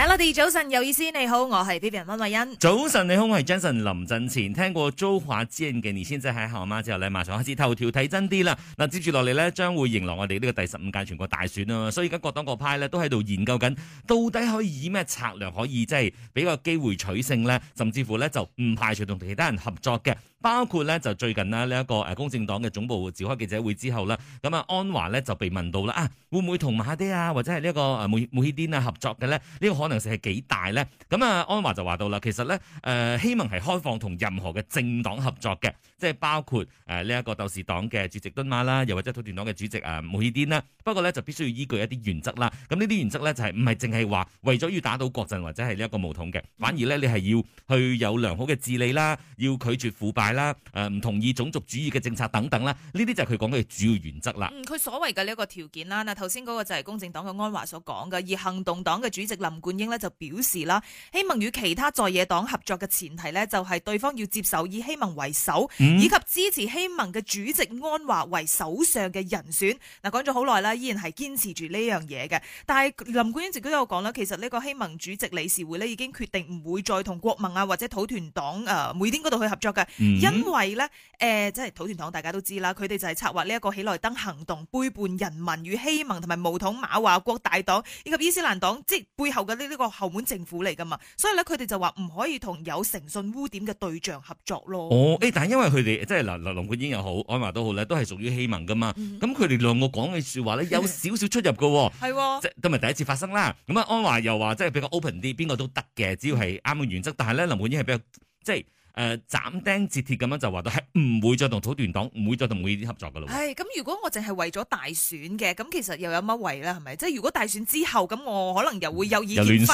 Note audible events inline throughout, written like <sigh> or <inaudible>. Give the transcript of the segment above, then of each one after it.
Hello 哋，早晨，有意思你好，我係 Vivian 温慧欣。早晨你好，我係 Johnson 林振前。聽過周華健嘅你，先至喺後媽之後咧，馬上開始頭條睇真啲啦。嗱，接住落嚟咧，將會迎來我哋呢個第十五屆全國大選啊，所以而家各黨各派咧都喺度研究緊，到底可以以咩策略可以即係俾個機會取勝咧，甚至乎咧就唔排除同其他人合作嘅。包括咧就最近呢，呢一個誒公正黨嘅總部召開記者會之後呢，咁啊安華咧就被問到啦，啊會唔會同馬迪啊或者係呢一個誒穆穆希顛啊合作嘅咧？呢、這個可能性係幾大咧？咁啊安華就話到啦，其實咧誒、呃、希望係開放同任何嘅政黨合作嘅，即係包括誒呢一個鬥士黨嘅主席敦馬啦，又或者土團黨嘅主席誒穆希顛啦。不過咧就必須要依據一啲原則啦。咁呢啲原則咧就係唔係淨係話為咗要打倒國陣或者係呢一個巫統嘅，反而咧你係要去有良好嘅治理啦，要拒絕腐敗。係啦，誒唔同意種族主義嘅政策等等啦，呢啲就係佢講嘅主要原則啦。佢、嗯、所謂嘅呢個條件啦，嗱頭先嗰個就係公正黨嘅安華所講嘅，而行動黨嘅主席林冠英呢，就表示啦，希望與其他在野黨合作嘅前提呢，就係對方要接受以希盟為首，嗯、以及支持希盟嘅主席安華為首相嘅人選。嗱講咗好耐啦，依然係堅持住呢樣嘢嘅。但係林冠英自己都有講啦，其實呢個希盟主席理事會呢，已經決定唔會再同國民啊或者土團黨誒每天嗰度去合作嘅。嗯因為咧，誒，即係土團黨，大家都知啦，佢哋就係策劃呢一個喜來登行動，背叛人民與希盟同埋巫統馬華國大黨以及伊斯蘭黨，即係背後嘅呢呢個後門政府嚟噶嘛，所以咧，佢哋就話唔可以同有誠信污點嘅對象合作咯。哦，欸，但係因為佢哋，即係嗱，嗱，林冠英又好，安華都好咧，都係屬於希盟噶嘛，咁佢哋兩個講嘅說話咧，有少少出入噶，係的，即係都唔係第一次發生啦。咁啊，安華又話，即係比較 open 啲，邊個都得嘅，只要係啱嘅原則。但係咧，林冠英係比較，即係。誒、呃、斬釘截鐵咁樣就話到係唔會再同土團黨唔會再同梅電合作嘅咯。係咁，如果我淨係為咗大選嘅，咁其實又有乜為啦？係咪？即係如果大選之後，咁我可能又會有意見分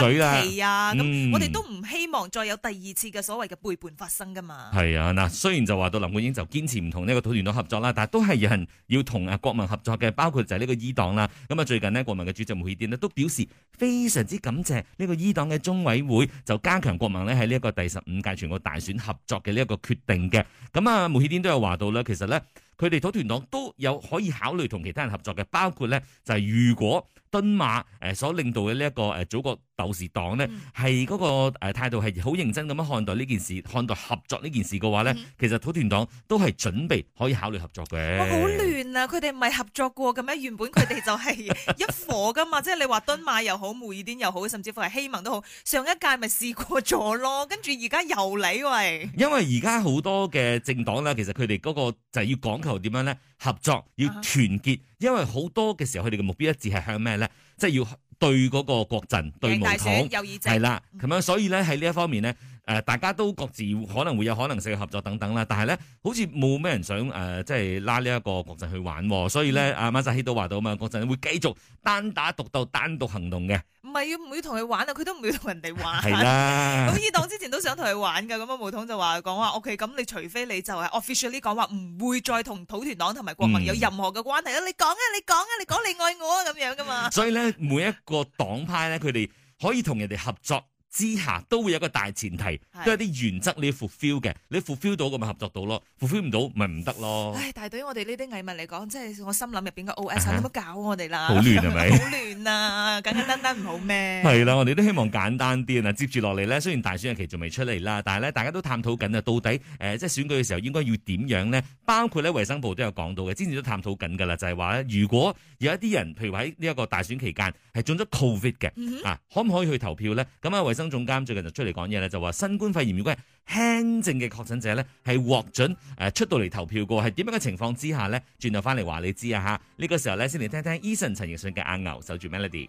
歧啊！咁、嗯、我哋都唔希望再有第二次嘅所謂嘅背叛發生噶嘛。係啊，嗱、呃，雖然就話到林冠英就堅持唔同呢個土團黨合作啦，但係都係有人要同啊國民合作嘅，包括就係呢個伊黨啦。咁啊，最近呢，國民嘅主席梅電都表示非常之感謝呢個伊黨嘅中委會就加強國民呢喺呢一個第十五屆全國大選合合作嘅呢一個決定嘅，咁啊，梅啟天都有話到啦，其實咧，佢哋土團黨都有可以考慮同其他人合作嘅，包括咧就係如果。敦馬誒所領導嘅呢一個誒祖國鬥士黨呢，係嗰、嗯、個誒態度係好認真咁樣看待呢件事，看待合作呢件事嘅話呢，嗯、其實土團黨都係準備可以考慮合作嘅。好亂、哦、啊！佢哋唔係合作過嘅咩？原本佢哋就係一伙嘅嘛，即係你話敦馬又好，梅爾典又好，甚至乎係希盟都好，上一屆咪試過咗咯，跟住而家又嚟喂。因為而家好多嘅政黨咧，其實佢哋嗰個就係要講求點樣呢合作要團結。啊。因為好多嘅時候，佢哋嘅目標一致係向咩咧？即係要對嗰個國陣對巫統係啦，咁樣。所以咧喺呢一方面咧。誒，大家都各自可能會有可能性嘅合作等等啦，但係咧，好似冇咩人想誒，即係拉呢一個國陣去玩，所以咧，阿馬薩希都話到啊，國陣會繼續單打獨鬥、單獨行動嘅。唔係要唔要同佢玩啊？佢都唔要同人哋玩。係啦，咁伊黨之前都想同佢玩噶，咁啊巫統就話講話，OK，咁你除非你就係 officially 講話唔會再同土團黨同埋國民有任何嘅關係啦，你講啊，你講啊，你講你愛我啊，咁樣噶嘛。所以咧，每一個黨派咧，佢哋可以同人哋合作。之下都會有一個大前提，嗯、都係啲原則你要 fulfill 嘅，你 fulfill 到咁咪合作到咯 fulfill 唔到咪唔得咯。但係對於我哋呢啲藝文嚟講，即係我心諗入邊個 OS，點解、啊、哈搞我哋啦？好亂係咪？好亂啊！簡簡單單唔好咩？係啦，我哋都希望簡單啲啊！接住落嚟咧，雖然大選日期仲未出嚟啦，但係咧，大家都探討緊啊，到底誒、呃、即係選舉嘅時候應該要點樣咧？包括咧，衞生部都有講到嘅，之前都探討緊㗎啦，就係話咧，如果有一啲人譬如喺呢一個大選期間係中咗 covid 嘅啊，可唔可以去投票咧？咁啊衞生張總監最近就出嚟講嘢咧，就話新冠肺炎如果係輕症嘅確診者咧，係獲准誒出到嚟投票過，係點樣嘅情況之下咧？轉頭翻嚟話你知啊吓，呢個時候咧先嚟聽聽 Eason 陳奕迅嘅《阿牛守住 Melody》。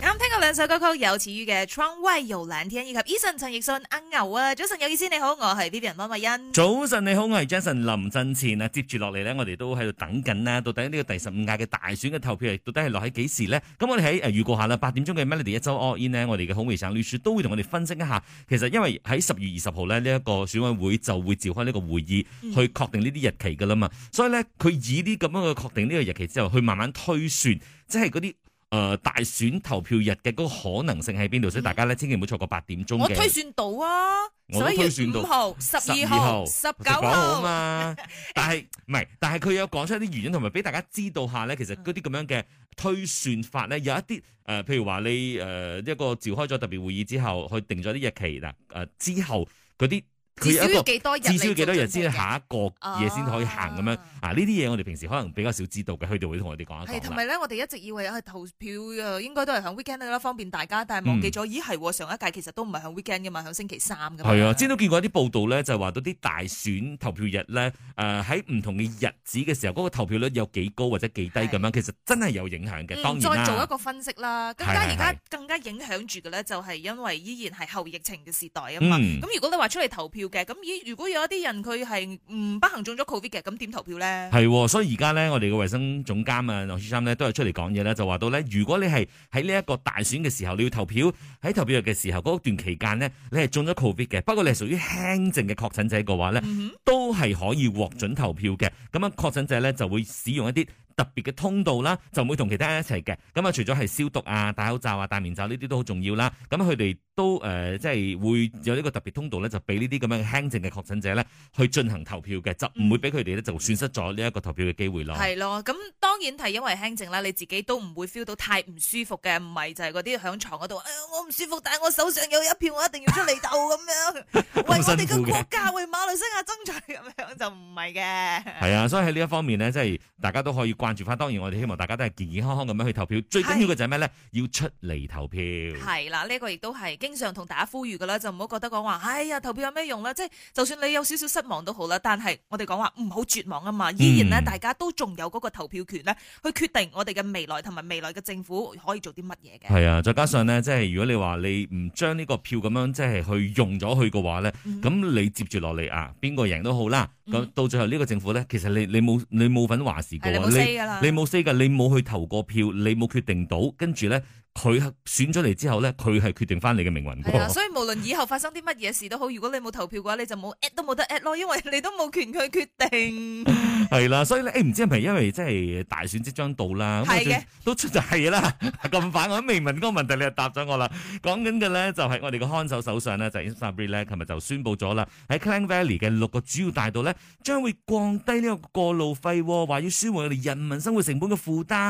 啱聽過兩首歌曲有，有詞語嘅窗外游藍天，以及 Eason 陳奕迅阿、嗯、牛啊，早晨有意思你好，我係 Vivian，汪 a 慧欣。早晨你好，係 Jason 林振前啊。接住落嚟呢，我哋都喺度等緊啦，到底呢個第十五屆嘅大選嘅投票到底係落喺幾時呢？咁我哋喺誒預告下啦，八點鐘嘅 Melody 一周屙煙呢，我哋嘅好美省律師都會同我哋分析一下。其實因為喺十月二十號呢，呢一個選委會就會召開呢個會議，去確定呢啲日期噶啦嘛。嗯、所以呢，佢以啲咁樣嘅確定呢個日期之後，去慢慢推算，即係嗰啲。誒、呃，大選投票日嘅嗰個可能性喺邊度？嗯、所以大家咧千祈，唔好錯過八點鐘嘅。我推算到啊，所以算到五號、十二號、十九號啊嘛。 <laughs> 但係唔係？但係佢有講出一啲原因，同埋俾大家知道下咧，其實嗰啲咁樣嘅推算法咧，有一啲誒、呃，譬如話你誒、呃、一個召開咗特別會議之後，去定咗啲日期嗱誒、呃、之後嗰啲。至少要幾多日？至少要幾多日先、啊、下一個嘢先可以行咁樣啊！呢啲嘢我哋平時可能比較少知道嘅，佢哋會同我哋講一講啦。係同埋咧，我哋一直以為去投票誒，應該都係響 weekend 啦，方便大家，但係忘記咗，嗯、咦係喎！上一屆其實都唔係響 weekend 嘅嘛，響星期三嘅嘛。係啊，之前都見過一啲報道咧，就話到啲大選投票日咧，誒喺唔同嘅日子嘅時候，嗰、那個投票率有幾高或者幾低咁樣，的其實真係有影響嘅。嗯，當然再做一個分析啦。更加而家更加影響住嘅咧，就係因為依然係後疫情嘅時代啊嘛。咁、嗯、如果你話出嚟投票。嘅咁，如果有一啲人佢係唔不幸中咗 Covid 嘅，咁點投票咧？係、哦，所以而家咧，我哋嘅衛生總監啊，梁先生咧，都係出嚟講嘢啦，就話到咧，如果你係喺呢一個大選嘅時候你要投票，喺投票日嘅時候嗰段期間呢，你係中咗 Covid 嘅，不過你係屬於輕症嘅確診者嘅話咧，都係可以獲准投票嘅。咁啊，確診者咧就會使用一啲特別嘅通道啦，就唔會同其他人一齊嘅。咁啊，除咗係消毒啊、戴口罩啊、戴面罩呢啲都好重要啦。咁佢哋。都誒，即係會有呢個特別通道咧，就俾呢啲咁樣輕症嘅確診者咧，去進行投票嘅，就唔會俾佢哋咧就損失咗呢一個投票嘅機會咯。係咯，咁當然係因為輕症啦，你自己都唔會 feel 到太唔舒服嘅，唔係就係嗰啲喺牀嗰度，誒我唔舒服，但係我手上有一票，我一定要出嚟鬥，咁樣為我哋個國家，為馬來西亞爭取，咁樣就唔係嘅。係啊，所以喺呢一方面咧，即係大家都可以關注翻。當然，我哋希望大家都係健健康康咁樣去投票，最緊要嘅就係咩咧？要出嚟投票。係啦，呢一個亦都係。經常同大家呼籲噶啦，就唔好覺得講話，哎呀，投票有咩用啦？即係就算你有少少失望都好啦，但係我哋講話唔好絕望啊嘛，依然呢，大家都仲有嗰個投票權咧，去決定我哋嘅未來同埋未來嘅政府可以做啲乜嘢嘅。係、嗯、啊，再加上呢，即係如果你話你唔將呢個票咁樣即係去用咗去嘅話咧，咁、嗯、你接住落嚟啊，邊個贏都好啦，咁到最後呢個政府咧，其實你你冇你冇份話事過你冇 say 㗎，你冇 say 噶，你冇、嗯、去投過票，你冇決定到，跟住咧。佢係選咗嚟之後咧，佢係決定翻你嘅命運。係啊，所以無論以後發生啲乜嘢事都好，如果你冇投票嘅話，你就冇 at 都冇得 at 咯，因為你都冇權去決定。 <laughs> 係啦，是 <laughs> 所以咧，誒唔知係咪因為即係大選即將到啦，咁的都出就係啦。咁快 <laughs> 我都未問個問題，你就答咗我啦。講緊嘅咧，就係我哋嘅看守首相呢，就 Ismail Sabri 咧，琴日就宣布咗啦，喺 Klang Valley 嘅六個主要大道咧，將會降低呢個過路費，話要舒緩我哋人民生活成本嘅負擔。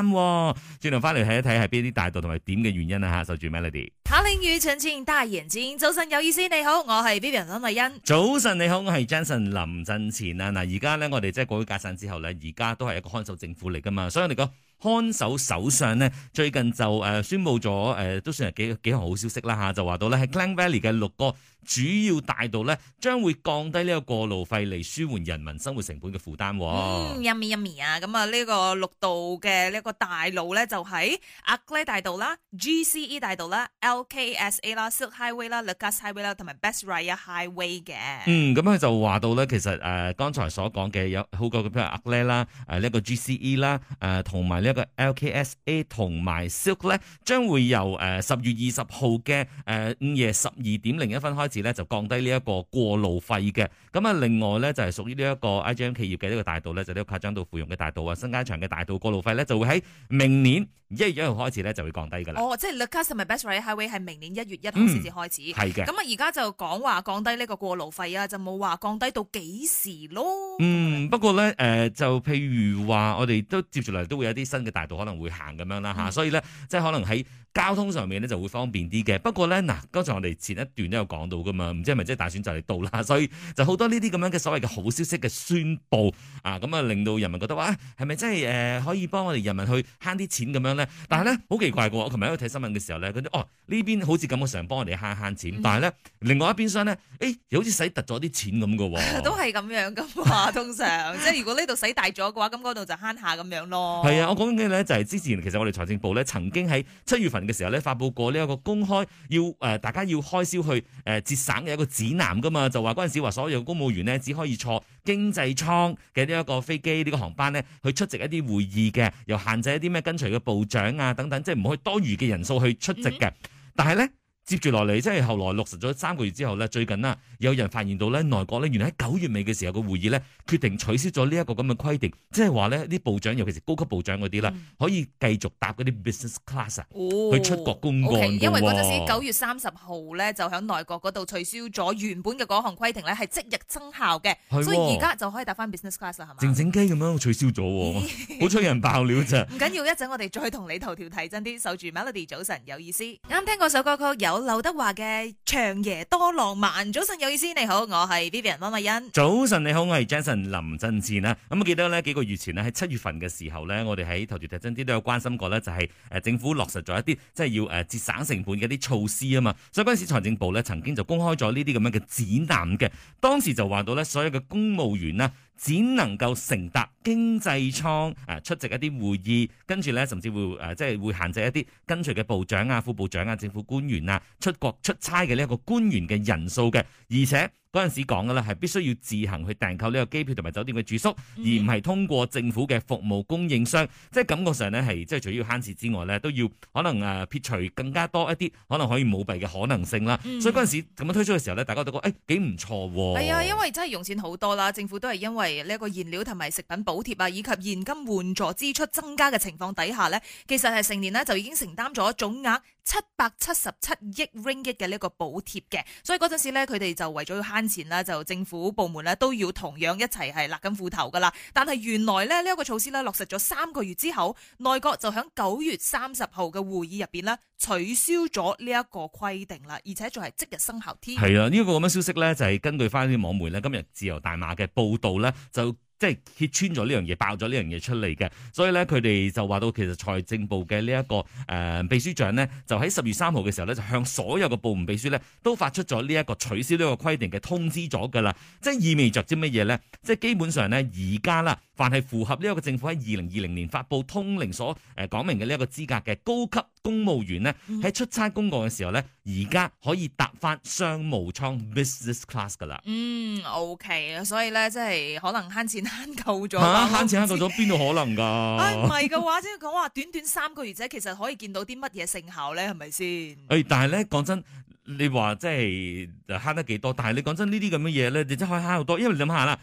轉頭翻嚟睇一睇係邊啲大道同埋點嘅原因啊！吓，受住 Melody。巧玲魚，陳靜，大言睛，早晨有意思，你好，我係 Vivian 林麗欣。早晨你好，我係 Justin 林振前啊！嗱，而家呢，我哋即係講啲之後咧，而家都係一個看守政府嚟噶嘛，所以我哋講看、看守首相咧，最近就誒、呃、宣佈咗誒、呃，都算係幾幾項好消息啦吓、啊，就話到咧係 Klang Valley 嘅六個。主要大道咧將會降低呢個過路費嚟舒緩人民生活成本嘅負擔喎、哦嗯嗯。嗯，入面入面啊，咁啊呢個六道嘅呢個大路咧就係阿克萊大道啦、GCE 大道啦、LKS A 啦、Silk Highway 啦、LEKAS Highway 啦同埋 Besraya Highway 嘅。嗯，咁佢就話到咧，其實誒、呃、剛才所講嘅有好個嘅譬如阿克萊啦、誒、呃、呢、這個 GCE 啦、呃、誒同埋呢一個 LKS A 同埋 Silk 咧、呃，將會由誒十月二十號嘅誒午夜十二點零一分開始。就降低呢一個過路費嘅，咁啊另外咧就係、是、屬於呢一個 I.G.M 企業嘅呢個大道咧就呢、是、個擴張到芙蓉嘅大道啊，新街場嘅大道過路費咧就會喺明年，一月一號開始咧就會降低噶啦。哦，即係 l o o k Best a t Highway 係、嗯、明年一月一號先至開始。係嘅的。咁啊，而家就講話降低呢個過路費啊，就冇話降低到幾時咯。嗯，的不過咧，誒、呃，就譬如話我哋都接住嚟，都會有啲新嘅大道可能會行咁樣啦吓，啊嗯、所以咧，即係可能喺交通上面咧就會方便啲嘅。不過咧，嗱，剛才我哋前一段都有講到噶嘛，唔知係咪即係大選就嚟到啦，所以就好多呢啲咁樣嘅所謂嘅好消息嘅宣布啊，咁啊令到人民覺得話，係、啊、咪真係誒、呃、可以幫我哋人民去慳啲錢咁樣？但係咧，好奇怪嘅，我琴日喺度睇新聞嘅時候咧，嗰啲哦呢邊好似咁嘅常幫我哋慳慳錢，但係咧另外一邊廂咧，誒、欸、又好似使突咗啲錢咁嘅喎，都係咁樣嘅嘛，通常即係 <laughs> 如果呢度使大咗嘅話，咁嗰度就慳下咁樣咯。係啊，我講緊嘅咧就係之前其實我哋財政部咧曾經喺七月份嘅時候咧發佈過呢一個公開要誒大家要開銷去誒節省嘅一個指南㗎嘛，就話嗰陣時話所有公務員咧只可以坐。經濟艙嘅呢一個飛機呢個航班咧，去出席一啲會議嘅，又限制一啲咩跟隨嘅部長啊等等，即係唔可以多餘嘅人數去出席嘅。但係咧。接住落嚟，即係後來落實咗三個月之後咧，最近啦，有人發現到咧，內閣咧，原來喺九月尾嘅時候嘅會議咧，決定取消咗呢一個咁嘅規定，即係話咧，啲部長尤其是高級部長嗰啲啦，嗯、可以繼續搭嗰啲 business class、哦、去出國公幹、okay, 因為嗰陣時九月三十號咧，就喺內閣嗰度取消咗原本嘅嗰項規定咧，係即日生效嘅，哦、所以而家就可以搭翻 business class 係嘛？靜靜雞咁樣取消咗， <laughs> 好出人爆料咋？唔緊要，一陣我哋再同你頭條睇真啲，守住 Melody 早晨有意思。啱、嗯、聽嗰首歌曲有。劉德華嘅《長夜多浪漫》，早晨有意思，你好，我係 Vivian 汪慧欣。早晨你好，我係 Jason 林振志啦。咁啊，記得咧幾個月前咧喺七月份嘅時候咧，我哋喺頭條睇真啲都有關心過咧，就係誒政府落實咗一啲即係要誒節省成本嘅一啲措施啊嘛。所以嗰陣時財政部咧曾經就公開咗呢啲咁樣嘅指南嘅，當時就話到咧所有嘅公務員咧。只能夠乘搭經濟艙啊，出席一啲會議，跟住咧甚至會誒即係會限制一啲跟隨嘅部長啊、副部長啊、政府官員啊出國出差嘅呢一個官員嘅人數嘅，而且。嗰陣時講嘅咧，係必須要自行去訂購呢個機票同埋酒店嘅住宿，而唔係通過政府嘅服務供應商。嗯、即係感覺上呢係即係除咗慳錢之外呢，都要可能誒撇除更加多一啲可能可以舞弊嘅可能性啦。嗯、所以嗰陣時咁樣推出嘅時候呢，大家都覺得誒幾唔錯喎。係啊、哎，因為真係用錢好多啦。政府都係因為呢個燃料同埋食品補貼啊，以及現金援助支出增加嘅情況底下呢，其實係成年呢就已經承擔咗總額七百七十七億 Ringgit 嘅呢個補貼嘅。所以嗰陣時咧，佢哋就為咗要慳。前啦，就政府部門咧都要同樣一齊係勒緊褲頭噶啦。但係原來咧呢一個措施咧落實咗三個月之後，內閣就響九月三十號嘅會議入邊咧取消咗呢一個規定啦，而且仲係即日生效添。係啊，呢個咁嘅消息咧就係根據翻啲網媒咧今日自由大馬嘅報道咧就。即係揭穿咗呢樣嘢，爆咗呢樣嘢出嚟嘅，所以咧佢哋就話到，其實財政部嘅呢一個誒、呃、秘書長咧，就喺十月三號嘅時候咧，就向所有嘅部門秘書咧，都發出咗呢一個取消呢個規定嘅通知咗噶啦，即係意味着啲乜嘢咧？即係基本上咧而家啦。凡係符合呢一個政府喺二零二零年發布通令所誒講明嘅呢一個資格嘅高級公務員呢，喺出差公幹嘅時候咧，而家可以搭翻商務艙 business class 噶啦。嗯，OK，所以咧，即係可能慳錢慳夠咗。嚇、啊，慳錢慳夠咗，邊度可能㗎？唔係嘅話，即係講話短短三個月啫，其實可以見到啲乜嘢成效咧，係咪先？誒、哎，但係咧講真，你話即係就慳得幾多？但係你講真呢啲咁嘅嘢咧，你真係可以慳好多，因為你諗下啦。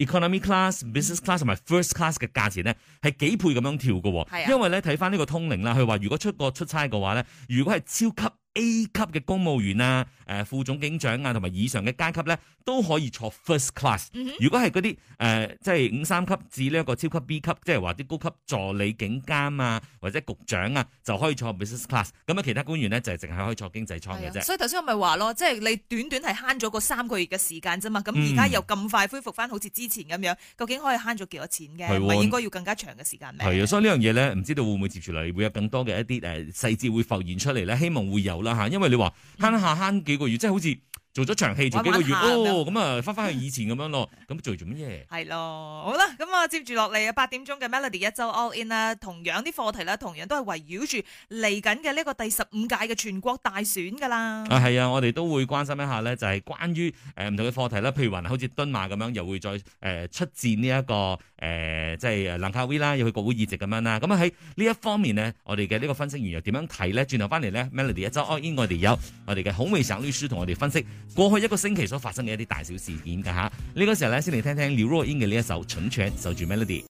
economy class、business class 同埋 first class 嘅價錢咧係幾倍咁樣跳嘅，是的 因為咧睇翻呢個通靈啦，佢話如果出國出差嘅話咧，如果係超級。A 級嘅公務員啊，誒、呃、副總警長啊，同埋以上嘅階級咧，都可以坐 first class。嗯、哼如果係嗰啲誒即係五三級至呢一個超級 B 級，即係話啲高級助理警監啊或者局長啊，就可以坐 business class。咁啊，其他官員咧就係淨係可以坐經濟艙嘅啫。嗯、所以頭先我咪話咯，即、就、係、是、你短短係慳咗個三個月嘅時間啫嘛，咁而家又咁快恢復翻好似之前咁樣，究竟可以慳咗幾多錢嘅？係咪、哦、應該要更加長嘅時間係啊，所以呢樣嘢咧，唔知道會唔會接住嚟會有更多嘅一啲誒細節會浮現出嚟咧？希望會有。吓，因為你話慳下慳幾個月，即係好似。做咗場戲做幾個月哦，咁啊，翻翻去以前咁 <laughs> 樣咯。咁做做乜嘢？係咯，好啦，咁啊，接住落嚟啊，八點鐘嘅 Melody 一周 All In 啦，同樣啲課題啦，同樣都係圍繞住嚟緊嘅呢個第十五屆嘅全國大選噶啦。啊，係啊，我哋都會關心一下咧，就係關於誒唔、呃、同嘅課題啦，譬如話好似敦馬咁樣，又會再誒、呃、出戰呢、這、一個誒、呃，即係蘭卡威啦，又去國會議席咁樣啦。咁啊喺呢一方面呢，我哋嘅呢個分析員又點樣睇咧？轉頭翻嚟咧 <laughs> ，Melody 一周 All In，我哋有我哋嘅孔美成律師同我哋分析。過去一個星期所發生嘅一啲大小事件嘅吓，呢、這個時候咧先嚟聽聽劉若英的這嘅呢一首《蠢蠢守住 Melody》。